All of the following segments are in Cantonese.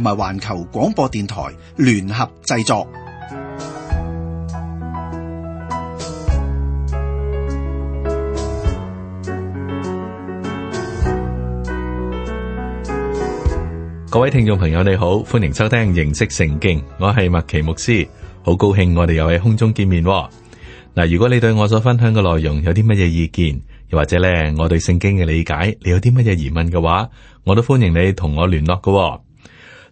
同埋環球廣播電台聯合製作。各位聽眾朋友，你好，歡迎收聽認識聖經。我係麥奇牧師，好高興我哋又喺空中見面嗱。如果你對我所分享嘅內容有啲乜嘢意見，又或者咧我對聖經嘅理解，你有啲乜嘢疑問嘅話，我都歡迎你同我聯絡㗎。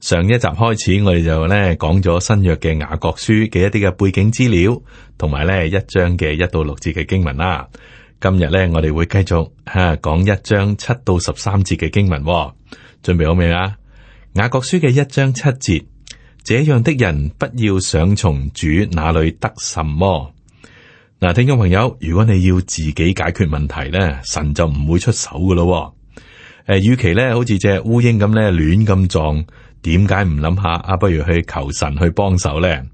上一集開始，我哋就咧講咗新約嘅雅各書嘅一啲嘅背景資料，同埋咧一章嘅一到六節嘅經文啦。今日咧我哋會繼續吓講一章七到十三節嘅經文。準備好未啊？雅各書嘅一章七節，這樣的人不要想從主那裏得什麼。嗱，聽眾朋友，如果你要自己解決問題咧，神就唔會出手㗎咯。誒、呃，與其咧好似隻烏蠅咁咧亂咁撞。點解唔諗下啊？不如去求神去幫手咧？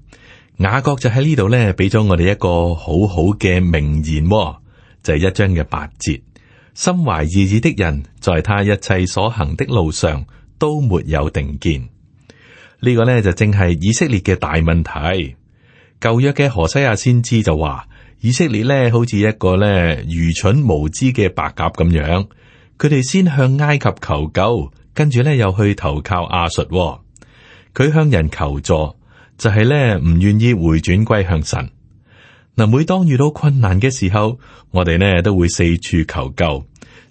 雅各就喺呢度咧，俾咗我哋一個好好嘅名言、哦，就係、是、一章嘅八節。心懷二意的人，在他一切所行的路上都沒有定見。這個、呢個咧就正係以色列嘅大問題。舊約嘅何西亞先知就話，以色列咧好似一個咧愚蠢無知嘅白鴿咁樣，佢哋先向埃及求救。跟住咧，又去投靠亞述。佢向人求助，就係咧唔願意回轉歸向神。嗱，每當遇到困難嘅時候，我哋咧都會四處求救，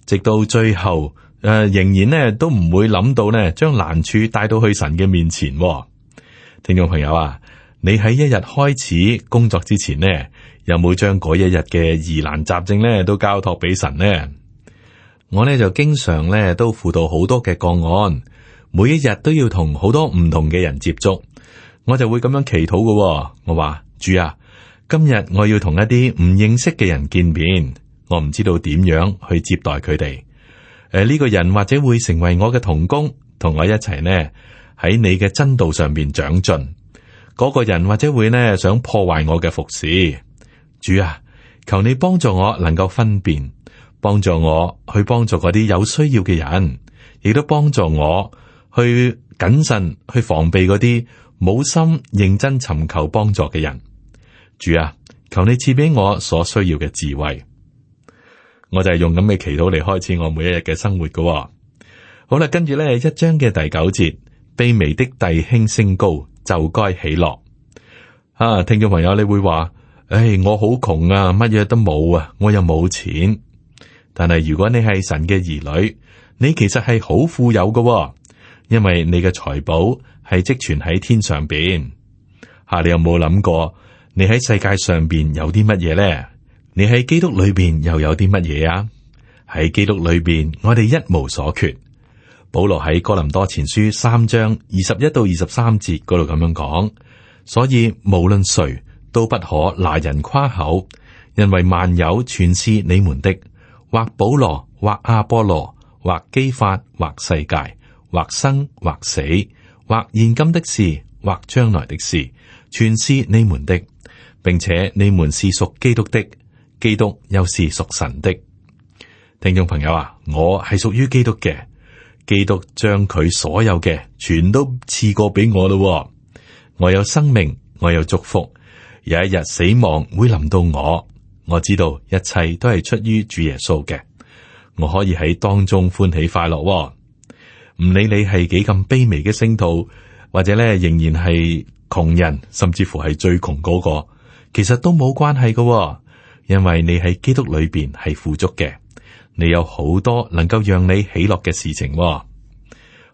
直到最後，誒、呃、仍然咧都唔會諗到咧將難處帶到去神嘅面前。聽眾朋友啊，你喺一日開始工作之前咧，有冇將嗰一日嘅疑難雜症咧都交託俾神咧？我呢就經常呢都輔導好多嘅個案，每一日都要同好多唔同嘅人接觸，我就會咁樣祈禱嘅、哦。我話主啊，今日我要同一啲唔認識嘅人見面，我唔知道點樣去接待佢哋。誒、啊、呢、這個人或者會成為我嘅同工，同我一齊呢喺你嘅真道上面長進。嗰、那個人或者會呢想破壞我嘅服侍，主啊，求你幫助我能夠分辨。幫助我去幫助嗰啲有需要嘅人，亦都幫助我去謹慎去防備嗰啲冇心認真尋求幫助嘅人。主啊，求你賜俾我所需要嘅智慧。我就係用咁嘅祈禱嚟開始我每一日嘅生活噶、哦。好啦，跟住咧一章嘅第九節，卑微的弟兄升高就該喜樂。啊，聽眾朋友，你會話，唉，我好窮啊，乜嘢都冇啊，我又冇錢。但係，如果你係神嘅兒女，你其實係好富有嘅，因為你嘅財寶係積存喺天上邊吓，啊。你有冇諗過，你喺世界上邊有啲乜嘢咧？你喺基督裏邊又有啲乜嘢啊？喺基督裏邊，我哋一無所缺。保羅喺哥林多前書三章二十一到二十三節嗰度咁樣講，所以無論誰都不可拿人誇口，因為萬有全是你們的。或保羅，或阿波羅，或基法，或世界，或生，或死，或現今的事，或將來的事，全是你們的，並且你們是屬基督的，基督又是屬神的。聽眾朋友啊，我係屬於基督嘅，基督將佢所有嘅全都賜過俾我咯喎，我有生命，我有祝福，有一日死亡會臨到我。我知道一切都係出於主耶穌嘅，我可以喺當中歡喜快樂、哦。唔理你係幾咁卑微嘅聖徒，或者咧仍然係窮人，甚至乎係最窮嗰個，其實都冇關係嘅、哦。因為你喺基督裏邊係富足嘅，你有好多能夠讓你喜樂嘅事情、哦。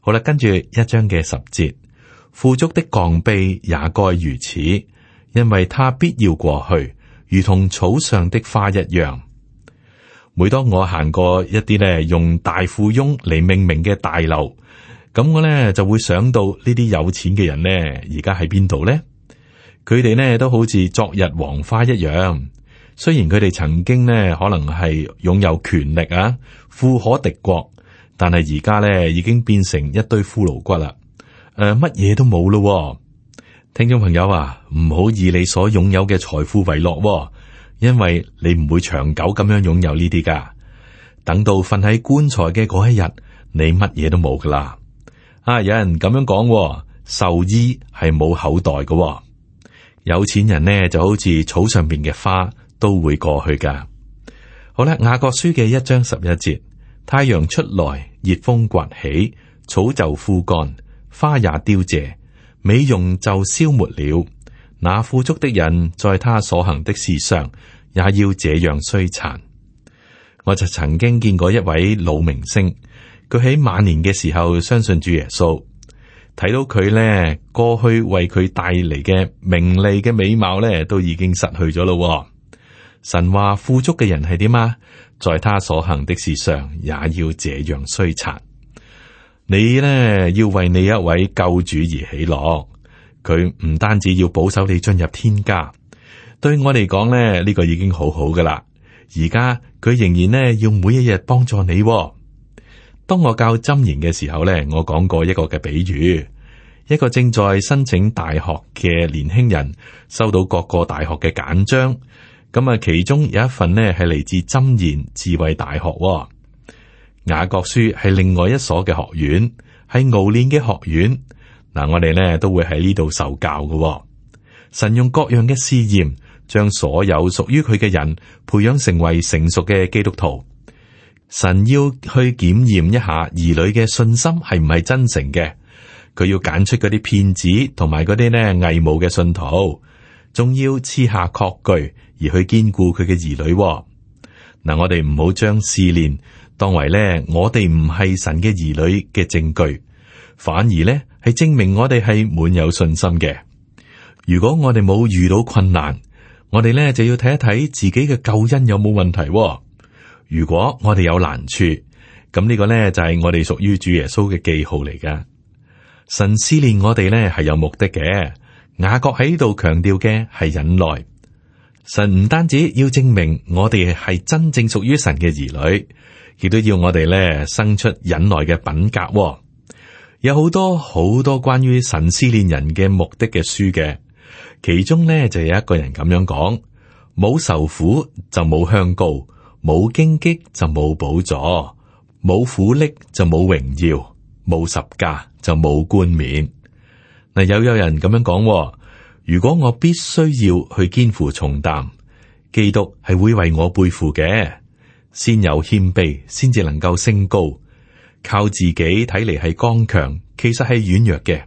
好啦，跟住，一章嘅十節，富足的降卑也該如此，因為他必要過去。如同草上的花一樣，每當我行過一啲咧用大富翁嚟命名嘅大樓，咁我咧就會想到呢啲有錢嘅人咧，而家喺邊度咧？佢哋咧都好似昨日黃花一樣。雖然佢哋曾經咧可能係擁有權力啊，富可敵國，但係而家咧已經變成一堆骷髏骨啦。誒、呃，乜嘢都冇咯、哦。聽眾朋友啊，唔好以你所擁有嘅財富為樂，因為你唔會長久咁樣擁有呢啲噶。等到瞓喺棺材嘅嗰一日，你乜嘢都冇噶啦。啊，有人咁樣講，壽衣係冇口袋噶。有錢人呢就好似草上邊嘅花，都會過去噶。好啦，雅各書嘅一章十一節，太陽出來，熱風刮起，草就枯乾，花也凋謝，美容就消沒了，那富足的人在他所行的事上也要這樣衰殘。我就曾經見過一位老明星，佢喺晚年嘅時候相信主耶穌，睇到佢呢過去為佢帶嚟嘅名利嘅美貌呢都已經失去咗咯。神話富足嘅人係點啊？在他所行的事上也要這樣衰殘。你咧，要為你一位救主而喜樂，佢唔單止要保守你進入天家，對我嚟講咧呢、呢個已經好好噶啦。而家佢仍然咧要每一日幫助你、哦。當我教箴言嘅時候咧，我講過一個嘅比喻，一個正在申請大學嘅年輕人收到各個大學嘅簡章，咁啊其中有一份咧係嚟自箴言智慧大學、哦。雅各書係另外一所嘅學院，係熬練嘅學院。嗱、啊，我哋咧都會喺呢度受教嘅、哦。神用各樣嘅試驗，將所有屬於佢嘅人培養成為成熟嘅基督徒。神要去檢驗一下兒女嘅信心係唔係真誠嘅，佢要揀出嗰啲騙子同埋嗰啲咧偽冒嘅信徒，仲要賜下確據而去堅固佢嘅兒女、哦。嗱、啊，我哋唔好將試練。當為咧，我哋唔係神嘅兒女嘅證據，反而咧係證明我哋係滿有信心嘅。如果我哋冇遇到困難，我哋咧就要睇一睇自己嘅救恩有冇問題。如果我哋有難處，咁呢個咧就係我哋屬於主耶穌嘅記號嚟㗎。神試煉我哋咧係有目的嘅。雅各喺度強調嘅係忍耐。神唔單止要證明我哋係真正屬於神嘅兒女。亦都要我哋咧生出忍耐嘅品格。哦，有好多好多關於神試煉人嘅目的嘅書嘅，其中咧就有一個人咁樣講：冇受苦就冇香膏；冇荊棘就冇寶座；冇苦力就冇榮耀，冇十架就冇冠冕。嗱、呃，又有，有人咁樣講，哦：如果我必須要去肩負重擔，基督係會為我背負嘅。先有謙卑，先至能夠升高。靠自己睇嚟係剛強，其實係軟弱嘅。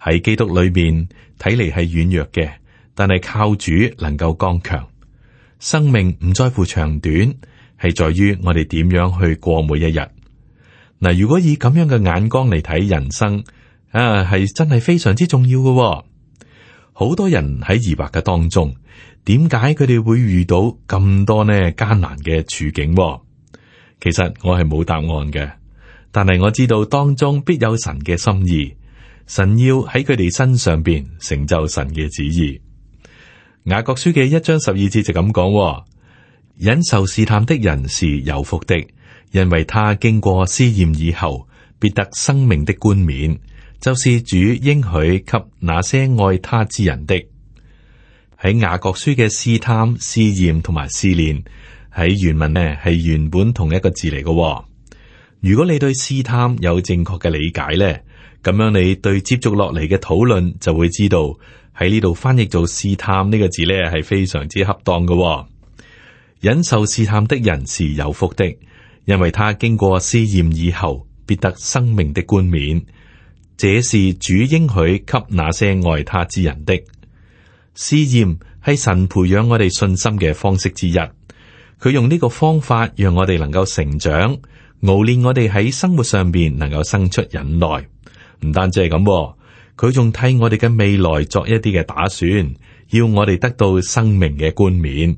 喺基督裏面睇嚟係軟弱嘅，但係靠主能夠剛強。生命唔在乎長短，係在於我哋點樣去過每一日。嗱，如果以咁樣嘅眼光嚟睇人生啊，係真係非常之重要嘅哦。好多人喺疑惑嘅當中，點解佢哋會遇到咁多呢艱難嘅處境？其實我係冇答案嘅，但係我知道當中必有神嘅心意，神要喺佢哋身上邊成就神嘅旨意。雅各書嘅一章十二節就咁講：忍受試探的人是有福的，因為他經過試驗以後，必得生命的冠冕。就是主應許給那些愛他之人的。喺雅各書嘅試探、試驗同埋試煉喺原文呢係原本同一個字嚟嘅、哦。如果你對試探有正確嘅理解呢，咁樣你對接觸落嚟嘅討論就會知道喺呢度翻譯做試探呢個字呢係非常之恰當嘅、哦。忍受試探的人是有福的，因為他經過試驗以後，必得生命的冠冕。這是主應許給那些愛他之人的試驗，係神培養我哋信心嘅方式之一。佢用呢個方法讓我哋能夠成長，熬練我哋喺生活上邊能夠生出忍耐。唔單止係咁、啊，佢仲替我哋嘅未來作一啲嘅打算，要我哋得到生命嘅冠冕。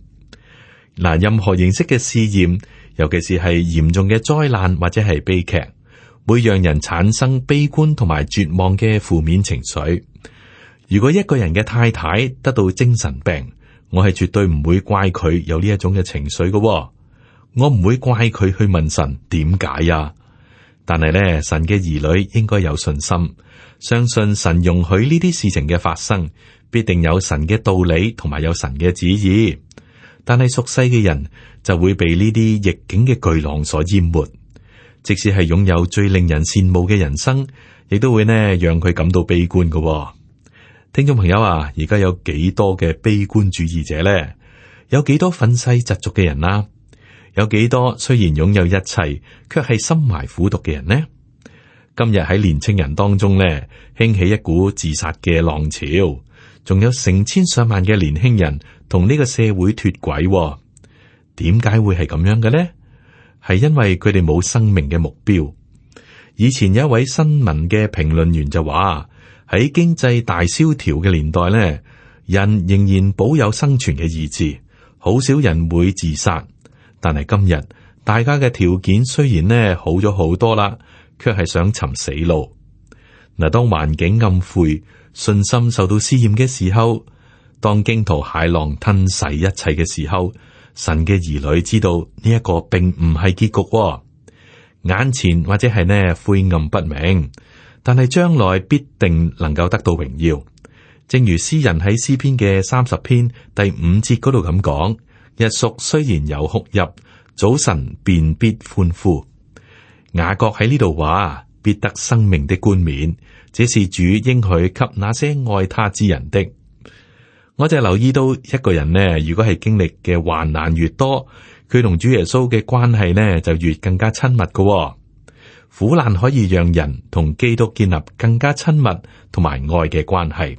嗱，任何形式嘅試驗，尤其是係嚴重嘅災難或者係悲劇。會讓人產生悲觀同埋絕望嘅負面情緒。如果一個人嘅太太得到精神病，我係絕對唔會怪佢有呢一種嘅情緒嘅哦。我唔會怪佢去問神點解呀。但係咧，神嘅兒女應該有信心，相信神容許呢啲事情嘅發生，必定有神嘅道理同埋有神嘅旨意。但係俗世嘅人就會被呢啲逆境嘅巨浪所淹沒。即使係擁有最令人羨慕嘅人生，亦都會呢讓佢感到悲觀㗎喎。聽眾朋友啊，而家有幾多嘅悲觀主義者呢？有幾多憤世嫉俗嘅人啦、啊？有幾多雖然擁有一切，卻係心懷苦毒嘅人呢？今日喺年青人當中呢，興起一股自殺嘅浪潮，仲有成千上萬嘅年輕人同呢個社會脫軌喎。點解會係咁樣嘅呢？係因為佢哋冇生命嘅目標。以前有一位新聞嘅評論員就話：喺經濟大蕭條嘅年代呢，人仍然保有生存嘅意志，好少人會自殺。但係今日，大家嘅條件雖然呢好咗好多啦，卻係想尋死路。嗱，當環境暗晦，信心受到試驗嘅時候，當驚濤駭浪吞噬一切嘅時候。神嘅兒女知道呢一，這個並唔係結局，哦，眼前或者係呢晦暗不明，但係將來必定能夠得到榮耀。正如詩人喺詩篇嘅三十篇第五節嗰度咁講：一宿雖然有哭泣，早晨便必歡呼。雅各喺呢度話，必得生命的冠冕，這是主應許給那些愛他之人的。我就留意到一個人呢，如果係經歷嘅患難越多，佢同主耶穌嘅關係呢就越更加親密嘅、哦。苦難可以讓人同基督建立更加親密同埋愛嘅關係，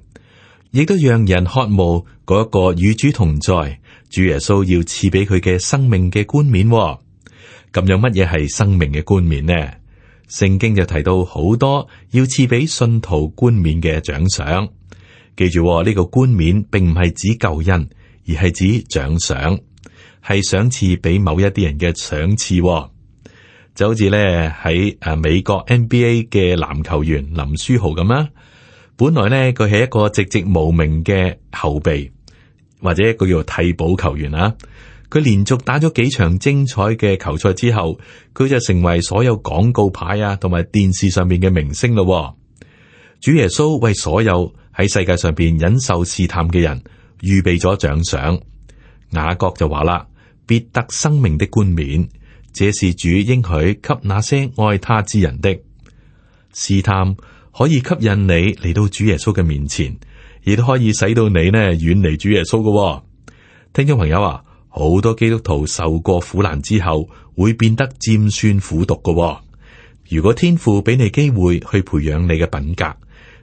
亦都讓人渴慕嗰一個與主同在。主耶穌要賜俾佢嘅生命嘅冠冕、哦。咁有乜嘢係生命嘅冠冕呢？聖經就提到好多要賜俾信徒冠冕嘅獎賞。記住呢、呢個冠冕，並唔係指救恩，而係指獎賞，係賞賜俾某一啲人嘅賞賜。就好似咧喺誒美國 NBA 嘅籃球員林書豪咁啦。本來咧佢係一個寂寂無名嘅後備，或者一個叫替補球員啊。佢連續打咗幾場精彩嘅球賽之後，佢就成為所有廣告牌啊，同埋電視上面嘅明星咯。主耶穌為所有。喺世界上邊忍受試探嘅人預備咗獎賞。雅各就話啦：必得生命的冠冕，這是主應許給那些愛他之人的。試探可以吸引你嚟到主耶穌嘅面前，亦都可以使到你呢遠離主耶穌嘅、哦。聽眾朋友啊，好多基督徒受過苦難之後會變得尖酸苦毒嘅、哦。如果天父俾你機會去培養你嘅品格，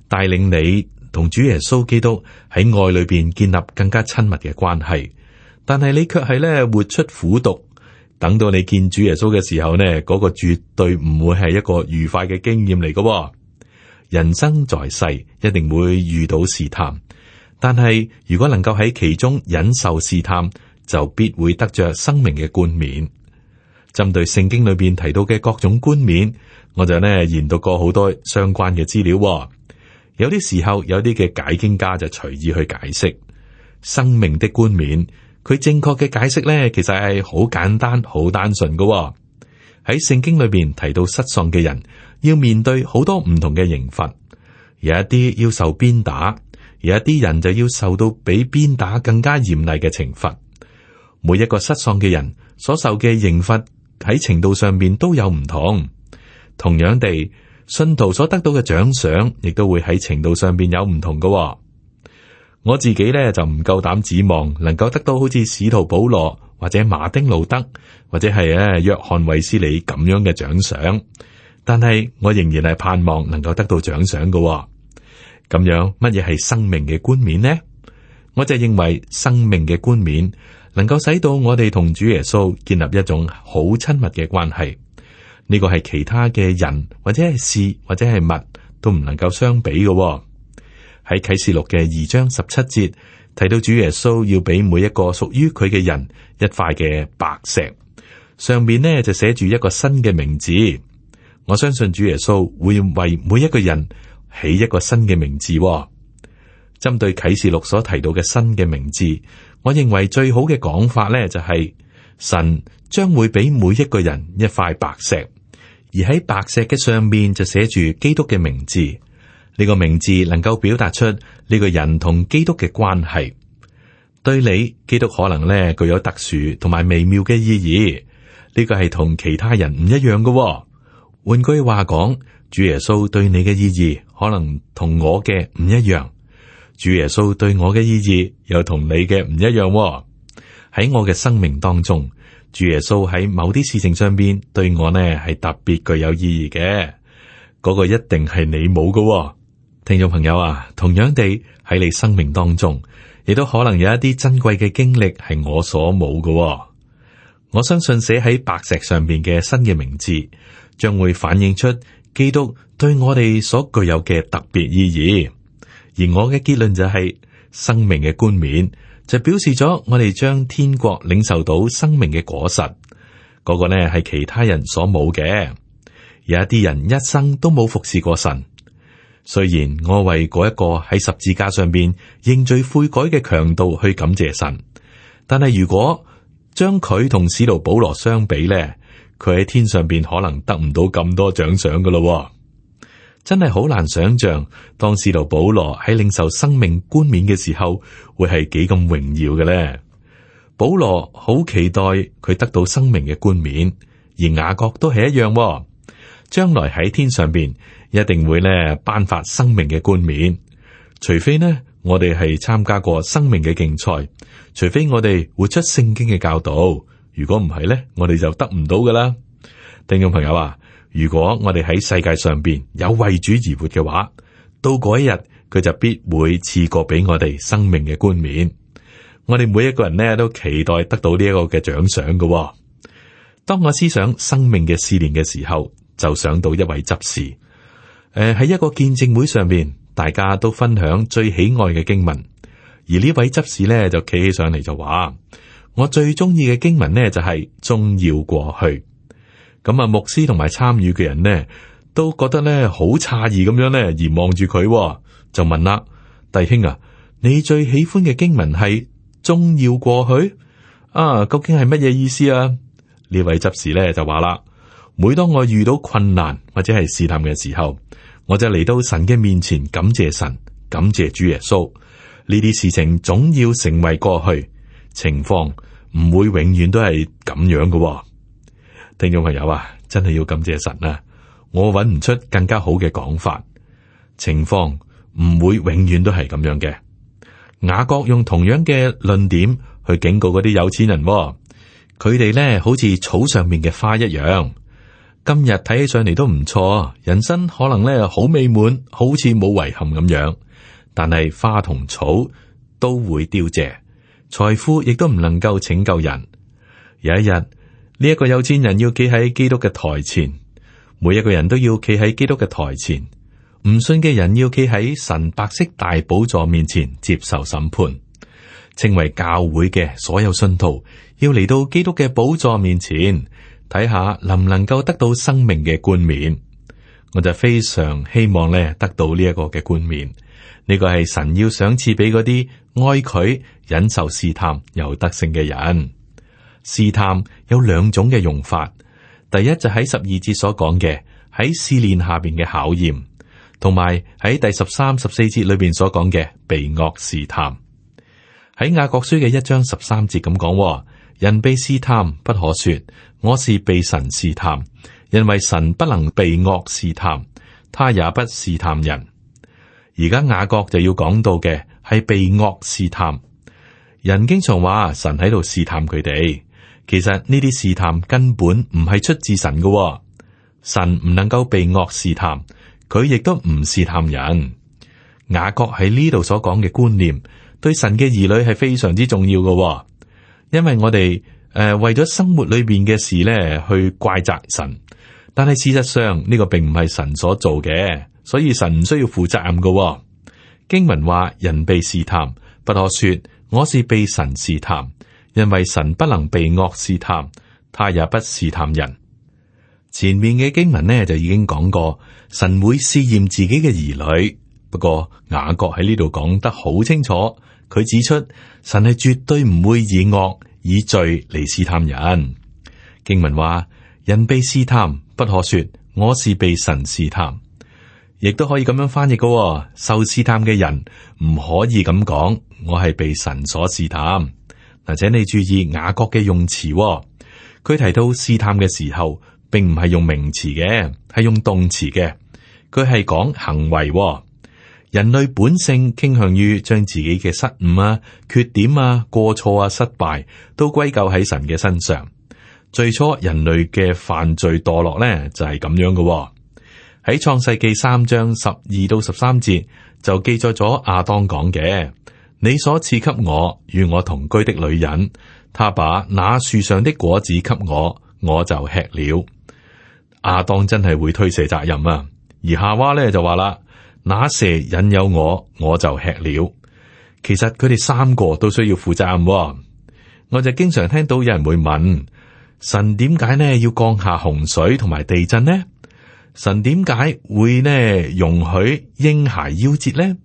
帶領你。同主耶穌基督喺愛裏邊建立更加親密嘅關係，但係你卻係咧活出苦毒，等到你見主耶穌嘅時候呢嗰、那個絕對唔會係一個愉快嘅經驗嚟嘅。人生在世，一定會遇到試探，但係如果能夠喺其中忍受試探，就必會得着生命嘅冠冕。針對聖經裏邊提到嘅各種冠冕，我就呢研讀過好多相關嘅資料。有啲時候，有啲嘅解經家就隨意去解釋生命的冠冕。佢正確嘅解釋咧，其實係好簡單，好單純嘅哦。喺聖經裏邊提到失喪嘅人要面對好多唔同嘅刑罰，有一啲要受鞭打，有一啲人就要受到比鞭打更加嚴厲嘅懲罰。每一個失喪嘅人所受嘅刑罰喺程度上面都有唔同，同樣地。信徒所得到嘅獎賞，亦都會喺程度上邊有唔同㗎哦。我自己咧就唔夠膽指望能夠得到好似使徒保羅或者馬丁路德或者係誒約翰衛斯理咁樣嘅獎賞，但係我仍然係盼望能夠得到獎賞嘅哦。咁樣，乜嘢係生命嘅冠冕呢？我就認為生命嘅冠冕能夠使到我哋同主耶穌建立一種好親密嘅關係。呢個係其他嘅人或者係事或者係物都唔能夠相比嘅喎。喺啟示錄嘅二章十七節提到主耶穌要俾每一個屬於佢嘅人一塊嘅白石，上面呢就寫住一個新嘅名字。我相信主耶穌會為每一個人起一個新嘅名字喎。針對啟示錄所提到嘅新嘅名字，我認為最好嘅講法呢就係神將會俾每一個人一塊白石。而喺白石嘅上面就寫住基督嘅名字，呢、這個名字能夠表達出呢個人同基督嘅關係。對你，基督可能咧具有特殊同埋微妙嘅意義，呢、這個係同其他人唔一樣嘅、哦。換句話講，主耶穌對你嘅意義可能同我嘅唔一樣，主耶穌對我嘅意義又同你嘅唔一樣、哦。喺我嘅生命當中。主耶穌喺某啲事情上邊對我呢係特別具有意義嘅，嗰、那個一定係你冇嘅、哦，聽眾朋友啊，同樣地喺你生命當中，亦都可能有一啲珍貴嘅經歷係我所冇嘅、哦。我相信寫喺白石上邊嘅新嘅名字，將會反映出基督對我哋所具有嘅特別意義。而我嘅結論就係、是、生命嘅冠冕。就表示咗我哋將天國領受到生命嘅果實，嗰個咧係其他人所冇嘅。有一啲人一生都冇服侍過神，雖然我為嗰一個喺十字架上邊認罪悔改嘅強盜去感謝神，但係如果將佢同使徒保羅相比咧，佢喺天上邊可能得唔到咁多獎賞嘅咯。真係好難想象，當時使徒保羅喺領受生命冠冕嘅時候，會係幾咁榮耀嘅咧？保羅好期待佢得到生命嘅冠冕，而雅各都係一樣喎。將來喺天上邊，一定會咧頒發生命嘅冠冕。除非呢，我哋係參加過生命嘅競賽，除非我哋活出聖經嘅教導。如果唔係咧，我哋就得唔到噶啦。聽眾朋友啊！如果我哋喺世界上邊有為主而活嘅話，到嗰一日佢就必會賜過俾我哋生命嘅冠冕。我哋每一個人呢，都期待得到呢一個嘅獎賞嘅。當我思想生命嘅思念嘅時候，就想到一位執事，誒、呃、喺一個見證會上面，大家都分享最喜愛嘅經文，而呢位執事呢，就企起上嚟就話：我最中意嘅經文呢，就係、是、終要過去。咁啊，牧師同埋參與嘅人呢，都覺得呢好詫異咁樣呢，而望住佢、哦、就問啦：弟兄啊，你最喜歡嘅經文係終要過去啊？究竟係乜嘢意思啊？呢位執事呢就話啦：每當我遇到困難或者係試探嘅時候，我就嚟到神嘅面前感謝神，感謝主耶穌。呢啲事情總要成為過去，情況唔會永遠都係咁樣嘅、哦。聽眾朋友啊，真係要感謝神啊。我揾唔出更加好嘅講法，情況唔會永遠都係咁樣嘅。雅各用同樣嘅論點去警告嗰啲有錢人，啊，佢哋咧好似草上面嘅花一樣，今日睇起上嚟都唔錯，人生可能咧好美滿，好似冇遺憾咁樣。但係花同草都會凋謝，財富亦都唔能夠拯救人。有一日。呢一個有錢人要企喺基督嘅台前，每一個人都要企喺基督嘅台前。唔信嘅人要企喺神白色大寶座面前接受審判。稱為教會嘅所有信徒要嚟到基督嘅寶座面前，睇下能唔能夠得到生命嘅冠冕。我就非常希望咧得到呢一個嘅冠冕。呢、這個係神要賞賜俾嗰啲愛佢、忍受試探、有德性嘅人。試探有兩種嘅用法，第一就喺十二節所講嘅喺試煉下邊嘅考驗，同埋喺第十三、十四節裏邊所講嘅被惡試探。喺雅各書嘅一章十三節咁講，人被試探不可說我是被神試探，因為神不能被惡試探，他也不試探人。而家雅各就要講到嘅係被惡試探，人經常話神喺度試探佢哋。其實呢啲試探根本唔係出自神嘅、哦，神唔能夠被惡試探，佢亦都唔試探人。雅各喺呢度所講嘅觀念，對神嘅兒女係非常之重要嘅、哦，因為我哋誒、呃、為咗生活裏邊嘅事咧去怪責神，但係事實上呢、呢個並唔係神所做嘅，所以神唔需要負責任嘅、哦。經文話：人被試探，不可說我是被神試探。因為神不能被惡試探，他也不試探人。前面嘅經文呢就已經講過，神會試驗自己嘅兒女。不過雅各喺呢度講得好清楚，佢指出神係絕對唔會以惡以罪嚟試探人。經文話人被試探，不可說我是被神試探，亦都可以咁樣翻譯嘅。受試探嘅人唔可以咁講，我係被神所試探。嗱，請你注意雅各嘅用詞、哦，佢提到試探嘅時候，並唔係用名詞嘅，係用動詞嘅。佢係講行為、哦。人類本性傾向於將自己嘅失誤啊、缺點啊、過錯啊、失敗，都歸咎喺神嘅身上。最初人類嘅犯罪墮落呢，就係、是、咁樣嘅、哦。喺創世紀三章十二到十三節就記載咗亞當講嘅。你所賜給我與我同居的女人，她把那樹上的果子給我，我就吃了。亞當真係會推卸責任啊！而夏娃咧就話啦：那蛇引誘我，我就吃了。其實佢哋三個都需要負責任啊。我就經常聽到有人會問：神點解呢要降下洪水同埋地震呢？神點解會呢容許嬰孩夭折呢？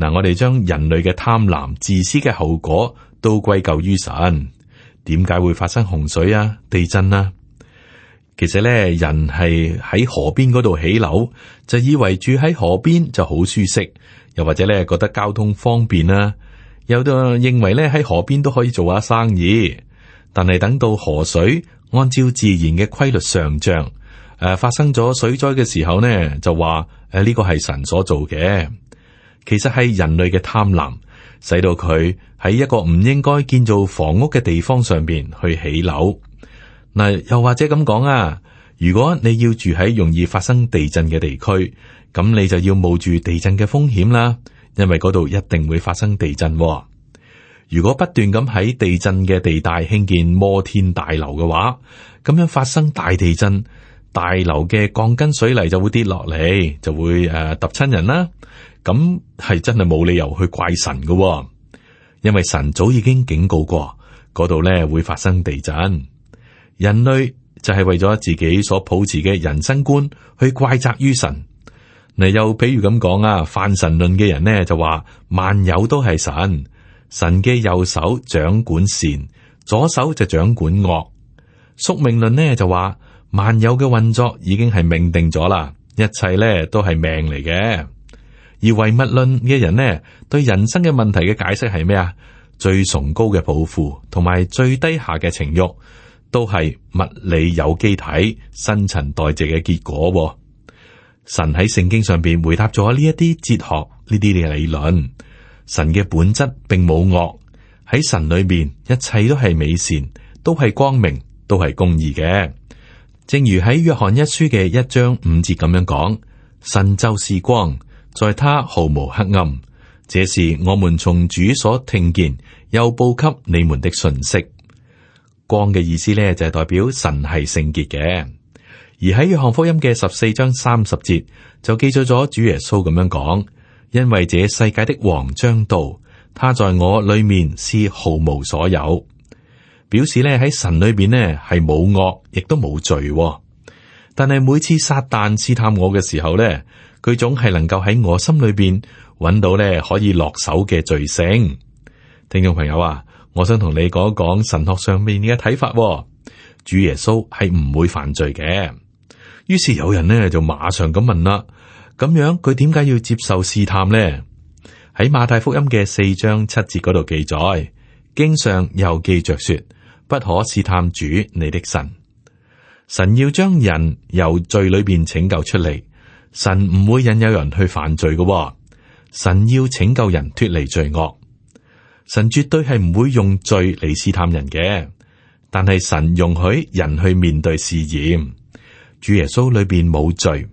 嗱，我哋將人類嘅貪婪、自私嘅後果都歸咎於神。點解會發生洪水啊、地震啊？其實咧，人係喺河邊嗰度起樓，就以為住喺河邊就好舒適，又或者咧覺得交通方便啦、啊，有就認為咧喺河邊都可以做下生意。但係等到河水按照自然嘅規律上漲，誒、啊，發生咗水災嘅時候呢，就話誒呢個係神所做嘅。其實係人類嘅貪婪，使到佢喺一個唔應該建造房屋嘅地方上邊去起樓。嗱，又或者咁講啊，如果你要住喺容易發生地震嘅地區，咁你就要冒住地震嘅風險啦，因為嗰度一定會發生地震。如果不斷咁喺地震嘅地帶興建摩天大樓嘅話，咁樣發生大地震。大樓嘅鋼筋水泥就會跌落嚟，就會誒揼親人啦。咁係真係冇理由去怪神嘅，因為神早已經警告過嗰度咧會發生地震。人類就係為咗自己所抱持嘅人生觀去怪責於神。嗱，又比如咁講啊，泛神論嘅人呢就話萬有都係神，神嘅右手掌管善，左手就掌管惡。宿命論呢就話。萬有嘅運作已經係命定咗啦，一切咧都係命嚟嘅。而唯物論嘅人呢，對人生嘅問題嘅解釋係咩啊？最崇高嘅抱負同埋最低下嘅情欲，都係物理有機體新陳代謝嘅結果。神喺聖經上邊回答咗呢一啲哲學呢啲嘅理論。神嘅本質並冇惡，喺神裏面一切都係美善，都係光明，都係公義嘅。正如喺約翰一書嘅一章五節咁樣講，神就是光，在他毫無黑暗。這是我們從主所聽見又報給你們的信息。光嘅意思咧就係、是，代表神係聖潔嘅。而喺約翰福音嘅十四章三十節就記載咗主耶穌咁樣講：因為這世界的王將到，他在我裏面是毫無所有。表示咧喺神裏邊呢係冇惡，亦都冇罪。但係每次撒旦試探我嘅時候咧，佢總係能夠喺我心裏邊揾到咧可以落手嘅罪性。聽眾朋友啊，我想同你講一講神學上面嘅睇法。主耶穌係唔會犯罪嘅。於是有人呢就馬上咁問啦：「咁樣佢點解要接受試探呢？」喺馬太福音嘅四章七節嗰度記載，經上又記着說。不可試探主你的神，神要將人由罪裏邊拯救出嚟。神唔會引誘人去犯罪嘅，神要拯救人脫離罪惡。神絕對係唔會用罪嚟試探人嘅。但係神容許人去面對試驗。主耶穌裏邊冇罪。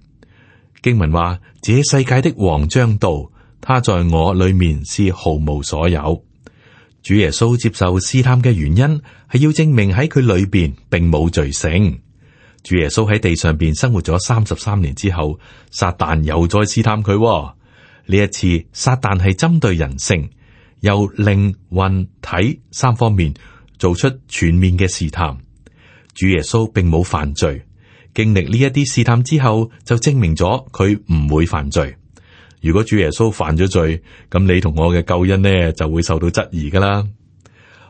經文話：這世界的王將到，他在我裏面是毫無所有。主耶穌接受試探嘅原因係要證明喺佢裏邊並冇罪性。主耶穌喺地上邊生活咗三十三年之後，撒旦又再試探佢，哦。呢一次撒旦係針對人性，由靈魂體三方面做出全面嘅試探。主耶穌並冇犯罪，經歷呢一啲試探之後，就證明咗佢唔會犯罪。如果主耶穌犯咗罪，咁你同我嘅救恩呢就會受到質疑噶啦。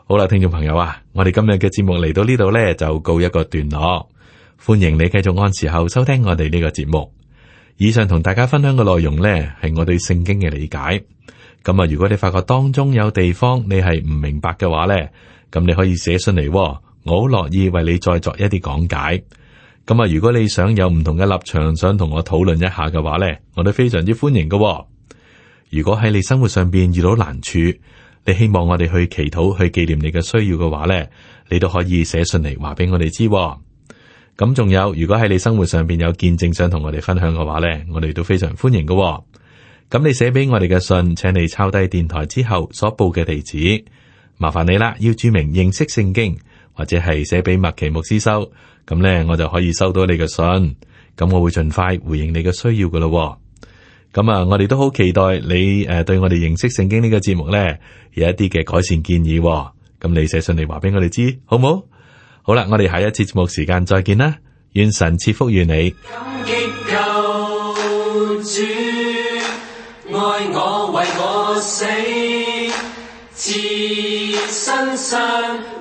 好啦，聽眾朋友啊，我哋今日嘅節目嚟到呢度呢，就告一個段落。歡迎你繼續按時候收聽我哋呢個節目。以上同大家分享嘅內容呢，係我對聖經嘅理解。咁啊，如果你發覺當中有地方你係唔明白嘅話呢，咁你可以寫信嚟，我好樂意為你再作一啲講解。咁啊，如果你想有唔同嘅立場，想同我討論一下嘅話呢，我都非常之歡迎㗎喎。如果喺你生活上邊遇到難處，你希望我哋去祈禱、去紀念你嘅需要嘅話呢，你都可以寫信嚟話俾我哋知。咁仲有，如果喺你生活上邊有見證想同我哋分享嘅話呢，我哋都非常歡迎㗎喎。咁你寫俾我哋嘅信，請你抄低電台之後所報嘅地址，麻煩你啦，要注明認識聖經。或者係寫俾麥其牧師收，咁咧我就可以收到你嘅信，咁我會盡快回應你嘅需要噶咯。咁啊，我哋都好期待你誒，對我哋認識聖經呢個節目咧，有一啲嘅改善建議。咁你寫信嚟話俾我哋知，好唔好？好啦，我哋下一次節目時間再見啦，願神賜福於你。感激救主愛我為我死，自身上